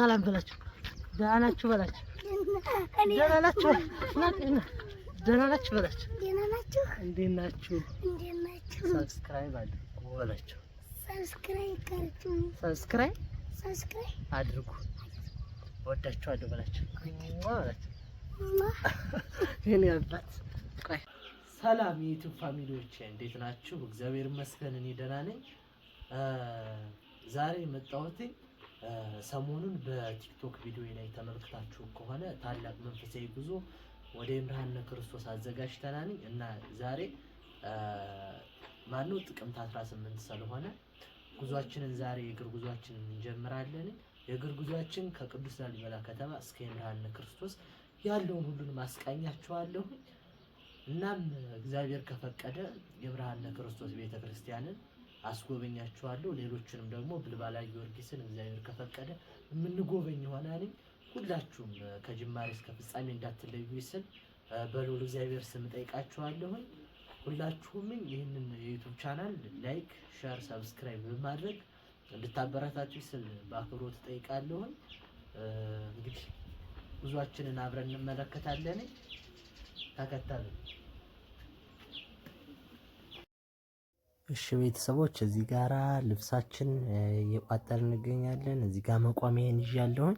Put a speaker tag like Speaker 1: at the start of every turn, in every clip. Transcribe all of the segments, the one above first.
Speaker 1: ሰላም በላችሁ፣ ደህና ናችሁ በላችሁ፣ ደህና ናችሁ ደህና ናችሁ በላችሁ፣ እንዴት ናችሁ ሰብስክራይብ አድርጉ በላችሁ፣ ሰብስክራይብ ሰብስክራይብ አድርጉ ወዳችኋለሁ በላችሁ በላችሁ። ይሄን ያልባት ሰላም የዩቲዩብ ፋሚሊዎች እንዴት ናችሁ? እግዚአብሔር ይመስገን እኔ ደህና ነኝ። ዛሬ መጣሁት ሰሞኑን በቲክቶክ ቪዲዮ ላይ ተመልክታችሁ ከሆነ ታላቅ መንፈሳዊ ጉዞ ወደ ይምርሃነ ክርስቶስ አዘጋጅተናል እና ዛሬ ማነው ጥቅምት 18 ስለሆነ ጉዟችንን ዛሬ የእግር ጉዟችንን እንጀምራለን። የእግር ጉዟችን ከቅዱስ ላሊበላ ከተማ እስከ ይምርሃነ ክርስቶስ ያለውን ሁሉን ማስቃኛችኋለሁ። እናም እግዚአብሔር ከፈቀደ ይምርሃነ ክርስቶስ ቤተክርስቲያንን አስጎበኛችኋለሁ። ሌሎችንም ደግሞ ብልባላ ጊዮርጊስን እግዚአብሔር ከፈቀደ የምንጎበኝ ይሆናል። ሁላችሁም ከጅማሬ እስከ ፍጻሜ እንዳትለዩ ስል በልዑል እግዚአብሔር ስም ጠይቃችኋለሁኝ። ሁላችሁም ይህንን የዩቱብ ቻናል ላይክ፣ ሸር፣ ሰብስክራይብ በማድረግ እንድታበረታችሁ ስል በአክብሮት ጠይቃለሁኝ። እንግዲህ ጉዟችንን አብረን እንመለከታለን። ተከተሉ። እሺ ቤተሰቦች እዚህ ጋር ልብሳችን እየቋጠር እንገኛለን። እዚህ ጋር መቋሚያን ይዣለሁኝ።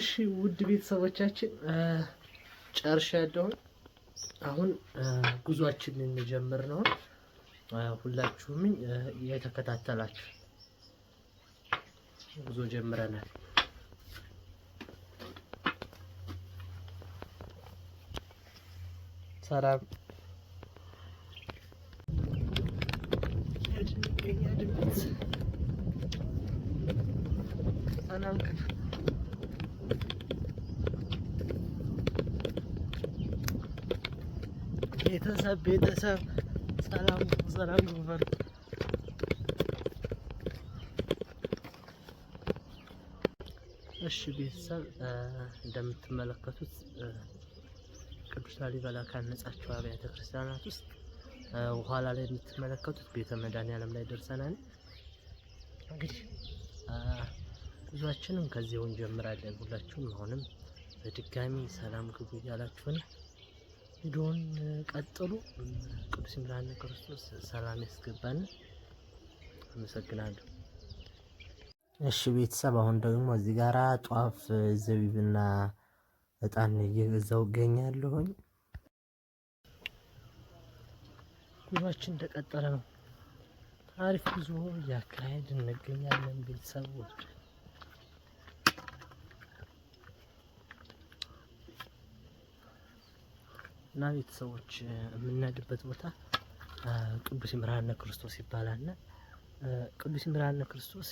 Speaker 1: እሺ ውድ ቤተሰቦቻችን ያለውን አሁን ጉዟችን እንጀምር ነው። ሁላችሁም የተከታተላችሁ ጉዞ ጀምረናል። ሰላም Anam ቤተሰብ ቤተሰብ ሰላም ሰላም ጎበር እሺ ቤተሰብ እንደምትመለከቱት ቅዱስ ላሊበላ ካነጻቸው አብያተ ክርስቲያናት ውስጥ ኋላ ላይ የምትመለከቱት ቤተ መድኃኔዓለም ላይ ደርሰናል። እንግዲህ ጉዟችንም ከዚያው እንጀምራለን። ሁላችሁም አሁንም በድጋሚ ሰላም ግቡ እያላችሁን ቪዲዮውን ቀጥሉ። ቅዱስ ይምራን ክርስቶስ ሰላም ያስገባን። አመሰግናለሁ። እሺ ቤተሰብ፣ አሁን ደግሞ እዚህ ጋራ ጧፍ ዘቢብና እጣን እየገዛው እገኛለሁኝ። ጉዟችን እንደቀጠለ ነው። አሪፍ ጉዞ እያካሄድ እንገኛለን ቤተሰቦች። እና ቤተሰቦች የምናድበት ቦታ ቅዱስ ይምርሃነ ክርስቶስ ይባላል። እና ቅዱስ ይምርሃነ ክርስቶስ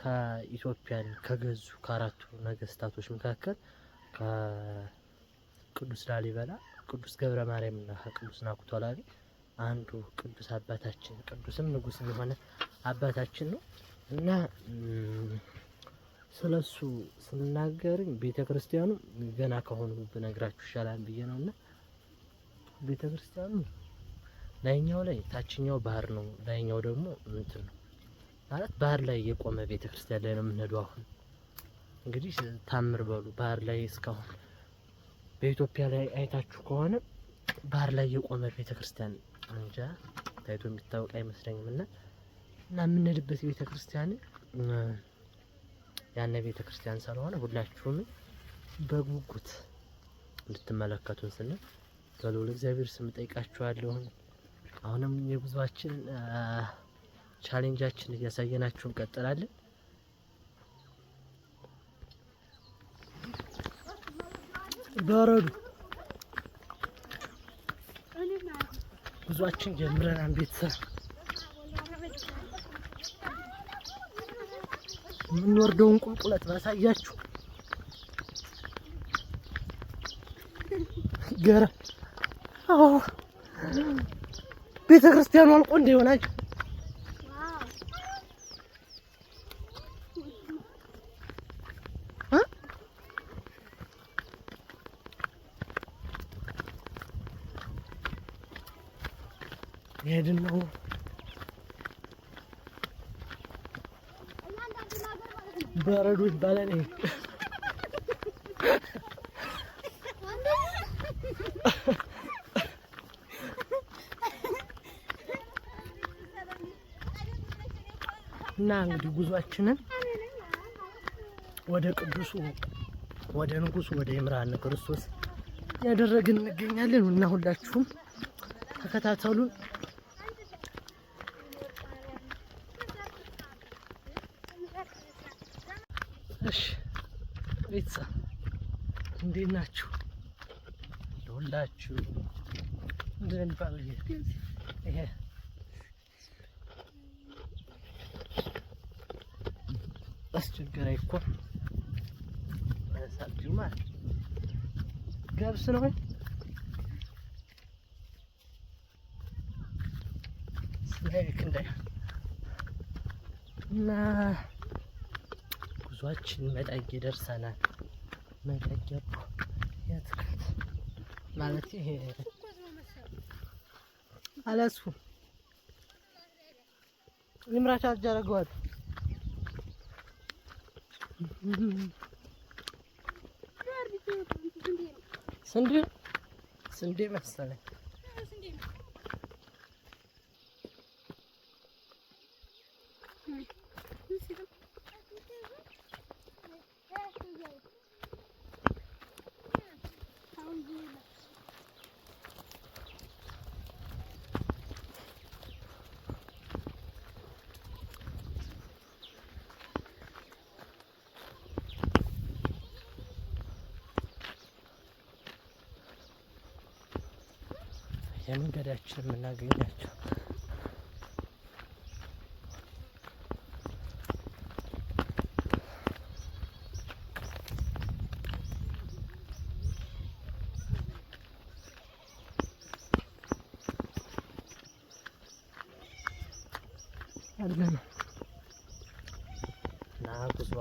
Speaker 1: ከኢትዮጵያን ከገዙ ከአራቱ ነገስታቶች መካከል ከቅዱስ ላሊበላ፣ ቅዱስ ገብረ ማርያም እና ከቅዱስ ናኩቶ ላሊ አንዱ ቅዱስ አባታችን ቅዱስም ንጉስም የሆነ አባታችን ነው እና ስለሱ ስናገር ቤተ ክርስቲያኑ ገና ከሆኑ ብነግራችሁ ይሻላል ብዬ ነው። እና ቤተ ክርስቲያኑ ላይኛው ላይ ታችኛው ባህር ነው፣ ላይኛው ደግሞ እንትን ነው ማለት ባህር ላይ የቆመ ቤተ ክርስቲያን ላይ ነው የምንሄደው። አሁን እንግዲህ ታምር በሉ ባህር ላይ እስካሁን በኢትዮጵያ ላይ አይታችሁ ከሆነ ባህር ላይ የቆመ ቤተ ክርስቲያን እንጃ ታይቶ የሚታወቅ አይመስለኝም። እና እና የምንሄድበት ቤተ ክርስቲያን ያነ ቤተ ክርስቲያን ስለሆነ ሁላችሁም በጉጉት እንድትመለከቱን ስንል በልዑል እግዚአብሔር ስም ጠይቃችኋለሁ። አሁንም የጉዟችን ቻሌንጃችን እያሳየናችሁ እንቀጥላለን። በረዱ ጉዟችን ጀምረናል። ቤተሰብ የምንወርደውን ቁልቁለት ባሳያችሁ ገረ ቤተ ክርስቲያኑ አልቆ እንደ በረዶ ይባላል። ይሄ እና እንግዲህ ጉዟችንን ወደ ቅዱሱ ወደ ንጉሱ ወደ ይምርሃነ ክርስቶስ ያደረግን እንገኛለን እና ሁላችሁም ተከታተሉን። እንዴት ናችሁ? እንደውላችሁ ምንድን የሚባለው ይሄ አስቸገረኝ እኮ ሳብጂው ማለት ገብስ ነው ወይ እንደ እና ጉዟችን መዳጌ ደርሰናል። መጠገቡ የትከት ማለት ይሄ አለሱ ልምራች አልጃረገዋል ስንዴ ስንዴ መሰለኝ የመንገዳችን የምናገኛቸው ነው ጉዞ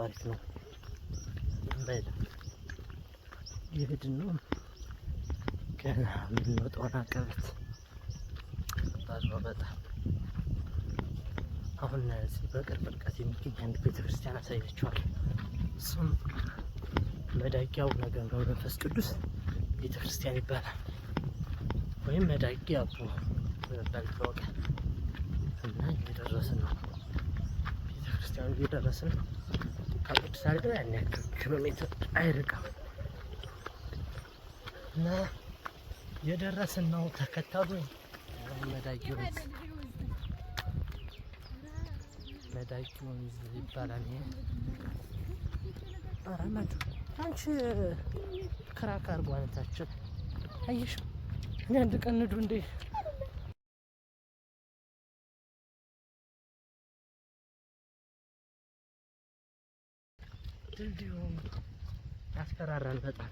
Speaker 1: አሪፍ ነው። ይብድን ነው። የምንወጣውን አቀበት ባዝኖ በጣም አሁን እዚህ በቅርብ ርቀት የሚገኝ አንድ ቤተክርስቲያን አሳያችኋል። እሱም መዳጊያው ነገ መንፈስ ቅዱስ ቤተክርስቲያን ይባላል ወይም መዳጊያ አቦ በመባል ይታወቃል። እና እየደረስን ነው፣ ቤተክርስቲያኑ እየደረስን ነው። ከቅዱስ አልጋ ያን ያክል ኪሎ ሜትር አይርቅም እና የደረስን ነው። ተከተሉ። መዳጅ ወንዝ መዳጅ ወንዝ ይባላል። ይሄ ኧረ አንቺ ክራክ አድርጎ አነታችን አየሽ። እኔ አንድ ቀን ንዱ እንዴ ድልድዩ አስፈራራን በጣም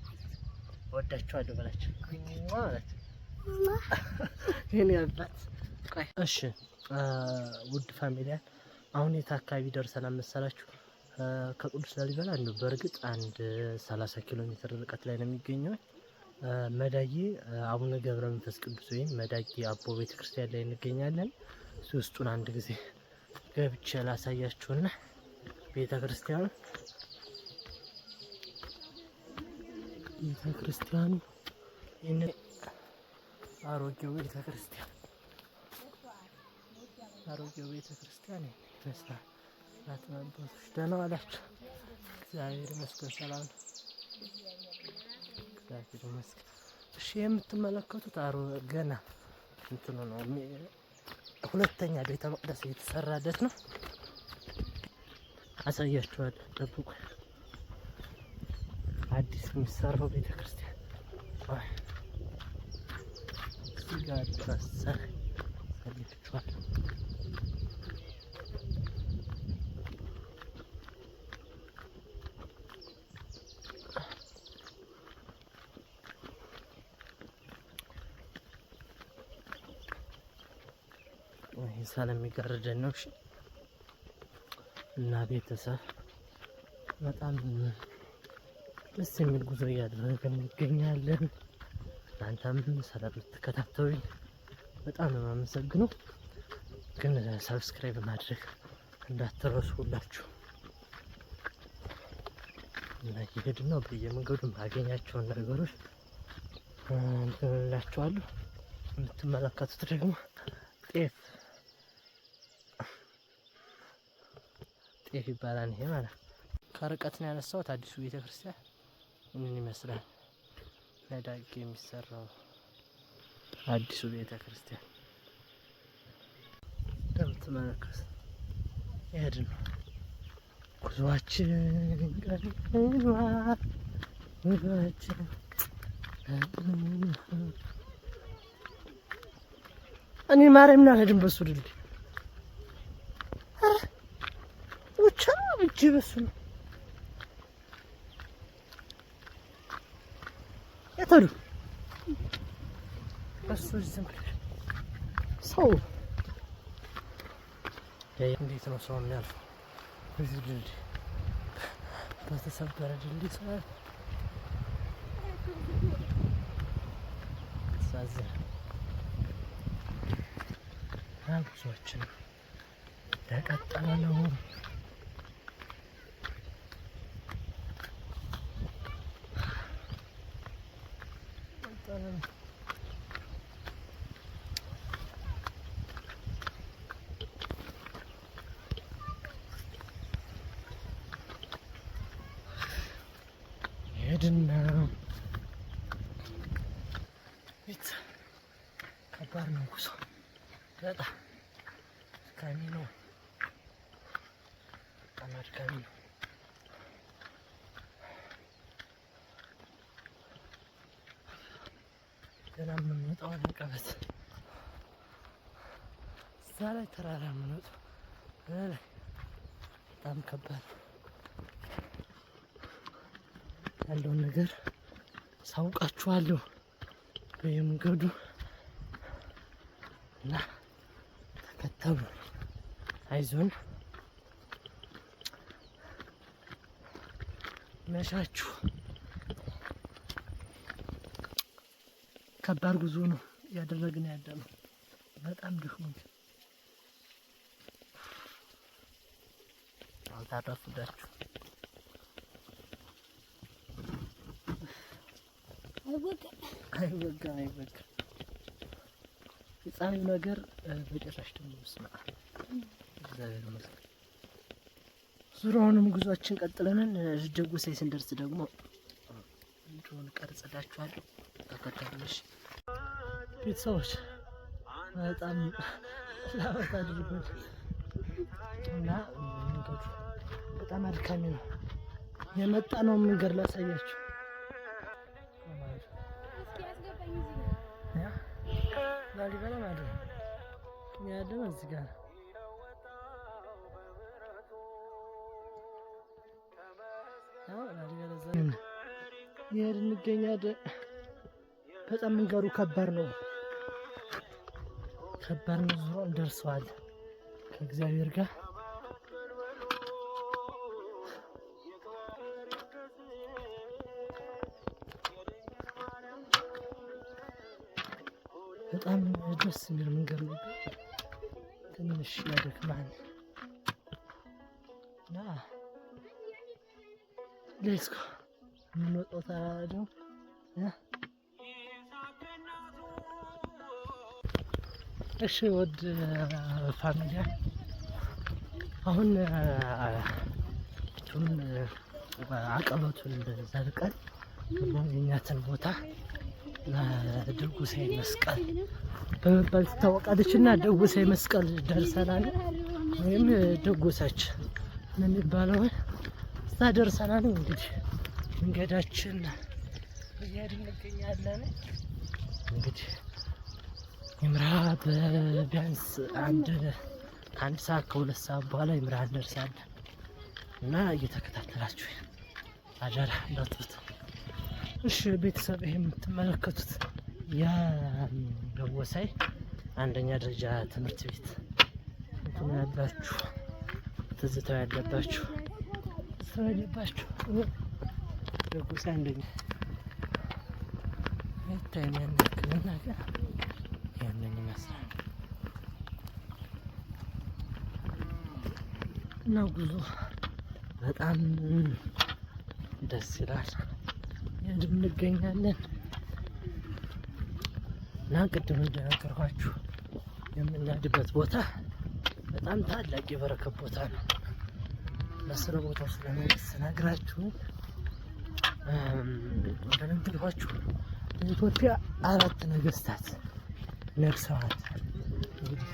Speaker 1: እወዳችኋለሁ በላቸው ማለት ይህን ያልባት። እሺ ውድ ፋሚሊያን አሁን የት አካባቢ ደርሰናል መሰላችሁ? ከቅዱስ ላሊበላ እንደው በእርግጥ አንድ 30 ኪሎ ሜትር ርቀት ላይ ነው የሚገኘው። መዳጌ አቡነ ገብረ መንፈስ ቅዱስ ወይም መዳጌ አቦ ቤተክርስቲያን ላይ እንገኛለን። ውስጡን አንድ ጊዜ ገብቼ ላሳያችሁና ቤተክርስቲያኑ ቤተ ቤተክርስቲያን ይህንን አሮጌው ቤተ ክርስቲያን አሮጌው ቤተ ክርስቲያን ይመስላል። እናትና አባቶች ደህና ዋላችሁ? እግዚአብሔር ይመስገን ሰላም ነው። እግዚአብሔር ይመስገን። እሺ የምትመለከቱት አሮ ገና እንትኑ ነው ሁለተኛ ቤተ መቅደስ ነው። አሳያችኋለሁ። የሚሰራው ቤተክርስቲያን እዚህ ጋር ታሰር ሰልችዋል። ይህ ስለሚጋርደን ነው እና ቤተሰብ በጣም ደስ የሚል ጉዞ እያደረግን እንገኛለን። እናንተም ስለምትከታተሉኝ በጣም ነው የማመሰግነው። ግን ሰብስክራይብ ማድረግ እንዳትረሱ ሁላችሁ። እና እየሄድን ነው። በየመንገዱ ማገኛቸውን ነገሮች እንትን የምትመለከቱት ደግሞ ጤፍ ጤፍ ይባላል። ይሄ ማለት ከርቀት ነው ያነሳሁት አዲሱ ቤተክርስቲያን ምን ይመስላል? ለዳግ የሚሰራው አዲሱ ቤተ ክርስቲያን እንደምትመለከት ይሄድ ነው ጉዟችን ቀርቧል። ጉዟችን እኔ ማርያም ና ለድን በሱ ድልድይ ብቻ ብቻ በሱ ነው ቅጠሉ እሱ ዝም ሰው እንዴት ነው ሰው የሚያልፈው? እዚህ ድልድይ በተሰበረ ድልድይ ሰው ያሳዝናል። ጉዟችን የቀጠለ ነው። በጣም አድካሚ ነው። በጣም አድካሚ ነው። ገና የምንወጣው አንቀበት እዛ ላይ ተራራ የምንወጣው ላይ በጣም ከባድ ያለውን ነገር ሳውቃችኋለሁ በየመንገዱ እና ተብሎ አይዞን መሻችሁ ከባድ ጉዞ ነው እያደረግን ያለ ነው። በጣም ድክሞኝ አልታረፍዳችሁ አይወጋ አይወጋ አይወጋ የፀሐዩ ነገር በጭራሽ ደግሞ ስማ፣ እግዚአብሔር ይመስገን። ዙሪያውንም ጉዟችን ቀጥለንን ደጎሳይ ስንደርስ ደግሞ እንዲሆን ቀርጽላችኋለሁ። ተከታተሉሽ ቤተሰቦች። በጣም ላበት አድርጎት እና በጣም አድካሚ ነው የመጣ ነው መንገድ ላሳያችሁ ላሊበላ ማለት ነው። ያለ ነው እዚህ ጋር ይሄድ እንገኛለን። በጣም መንገዱ ከባድ ነው፣ ከባድ ነው። ዙሮን ደርሰዋል ከእግዚአብሔር ጋር الشادف معا لا ليسكو نلوطو تراجو اش ود فاميليا هون تون عقبتو الزرقل بمينات البوتا ለድጉሳይ መስቀል በመባል ትታወቃለች እና ድጉሳይ መስቀል ደርሰናል፣ ወይም ድጉሳች የሚባለውን እዛ ደርሰናል። እንግዲህ መንገዳችን እያድ እንገኛለን። እንግዲህ ይምራ በቢያንስ አንድ ከአንድ ሰዓት ከሁለት ሰዓት በኋላ ይምራ እንደርሳለን እና እየተከታተላችሁ አደራ እንዳትሉት። እሺ ቤተሰብ ይሄ የምትመለከቱት የደወሳይ አንደኛ ደረጃ ትምህርት ቤት እንትኑ ያላችሁ ትዝታው ያለባችሁ ሰው ያለባችሁ ደወሳይ አንደኛ ያንን ይመስላል እና ጉዞ በጣም ደስ ይላል። እንገኛለን እና ቅድም እንደነገርኳችሁ የምናድበት ቦታ በጣም ታላቅ የበረከት ቦታ ነው። ቦታ ስነግራችሁ እንደነገርኳችሁ በኢትዮጵያ አራት ነገስታት ነግሰዋል። እንግዲህ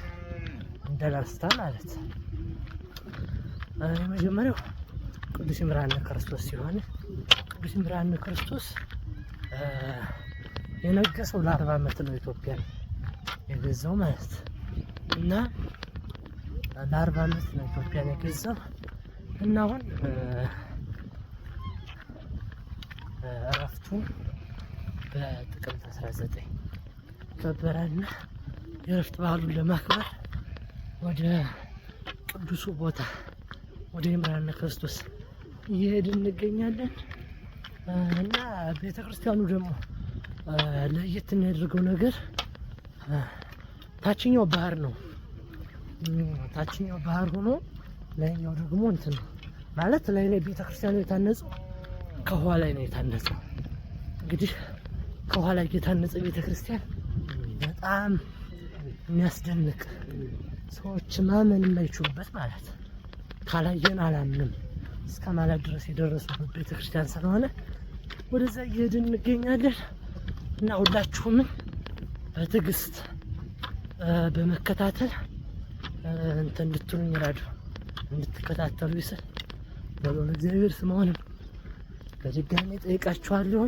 Speaker 1: እንደ ላስታ ማለት የመጀመሪያው ቅዱስ ይምርሃነ ክርስቶስ ሲሆን ቅዱስ ይምርሃነ ክርስቶስ የነገሰው ለአርባ ዓመት ነው። ኢትዮጵያ የገዛው ማለት እና ለ40 ዓመት ነው ኢትዮጵያን የገዛው እና አሁን እረፍቱ በጥቅምት 19 ከበረና የእረፍት በዓሉን ለማክበር ወደ ቅዱሱ ቦታ ወደ ምራን ክርስቶስ እየሄድን እንገኛለን። እና ቤተክርስቲያኑ ደግሞ ለየት የሚያደርገው ነገር ታችኛው ባህር ነው። ታችኛው ባህር ሆኖ ላይኛው ደግሞ እንትን ነው ማለት ላይ ላይ ቤተክርስቲያኑ የታነጸው ከኋላ ላይ ነው የታነጸው። እንግዲህ ከኋላ ላይ የታነጸ ቤተክርስቲያን በጣም የሚያስደንቅ ሰዎች ማመን የማይችሉበት ማለት ካላየን አላምንም እስከ ማለት ድረስ የደረሱበት ቤተክርስቲያን ስለሆነ ወደዛ እየሄድን እንገኛለን እና ሁላችሁም በትዕግስት በመከታተል እንትን እንድትሉኝ ይላሉ እንድትከታተሉ ይስል በሎን እግዚአብሔር ስመሆንም በድጋሚ ጠይቃችኋለሁ።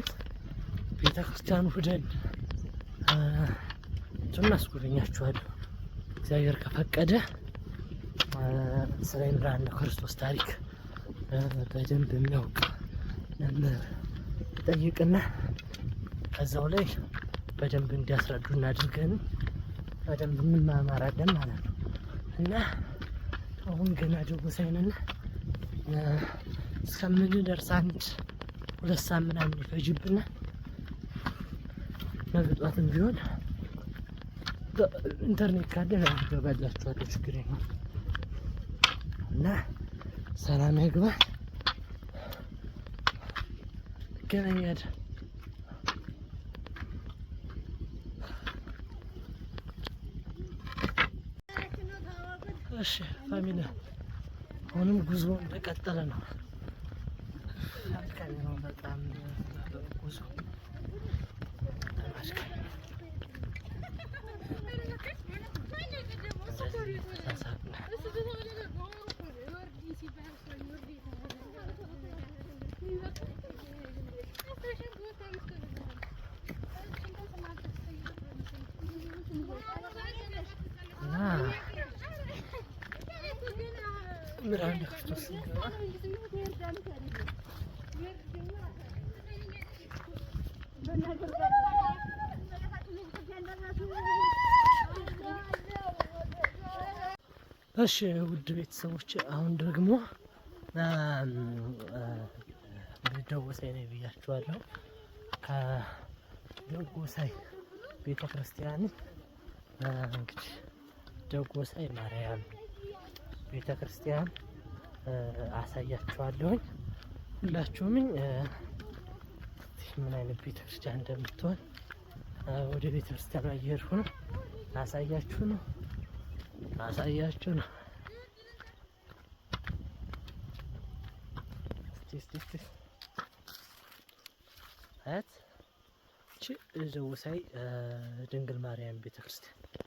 Speaker 1: ቤተ ክርስቲያኑ ሁደን እንትን እናስጎበኛችኋለሁ እግዚአብሔር ከፈቀደ ስለ ብርሃነ ክርስቶስ ታሪክ በደንብ የሚያውቅ መምህር እጠይቅና ከዛው ላይ በደንብ እንዲያስረዱ እናድርገን በደንብ እንማማራለን ማለት ነው። እና አሁን ገና ደግሞ ሳይንና እስከምንደርስ አንድ ሁለት ሰዓት ምናምን ይፈጅብና መግጧትም ቢሆን ኢንተርኔት ካለ ገባላችኋለሁ። ችግር ነው እና ሰላም ያግባል። Gene yer. Başı, family. Onun kuzum da katlarına. Hakikaten orada tam diyor. መድኃኒተ ክርስቶስ እሺ ውድ ቤተሰቦች አሁን ደግሞ ደጎሳይ ላይ ብያችኋለሁ። ከደጎሳይ ቤተክርስቲያን እንግዲህ ደጎሳይ ማርያም ቤተ ክርስቲያን አሳያችኋለሁኝ። ሁላችሁምኝ ምን አይነት ቤተ ክርስቲያን እንደምትሆን ወደ ቤተ ክርስቲያን እየሄድኩ ነው። አሳያችሁ ነው አሳያችሁ ነው። አያት ቺ ዘውሳይ ድንግል ማርያም ቤተ ክርስቲያን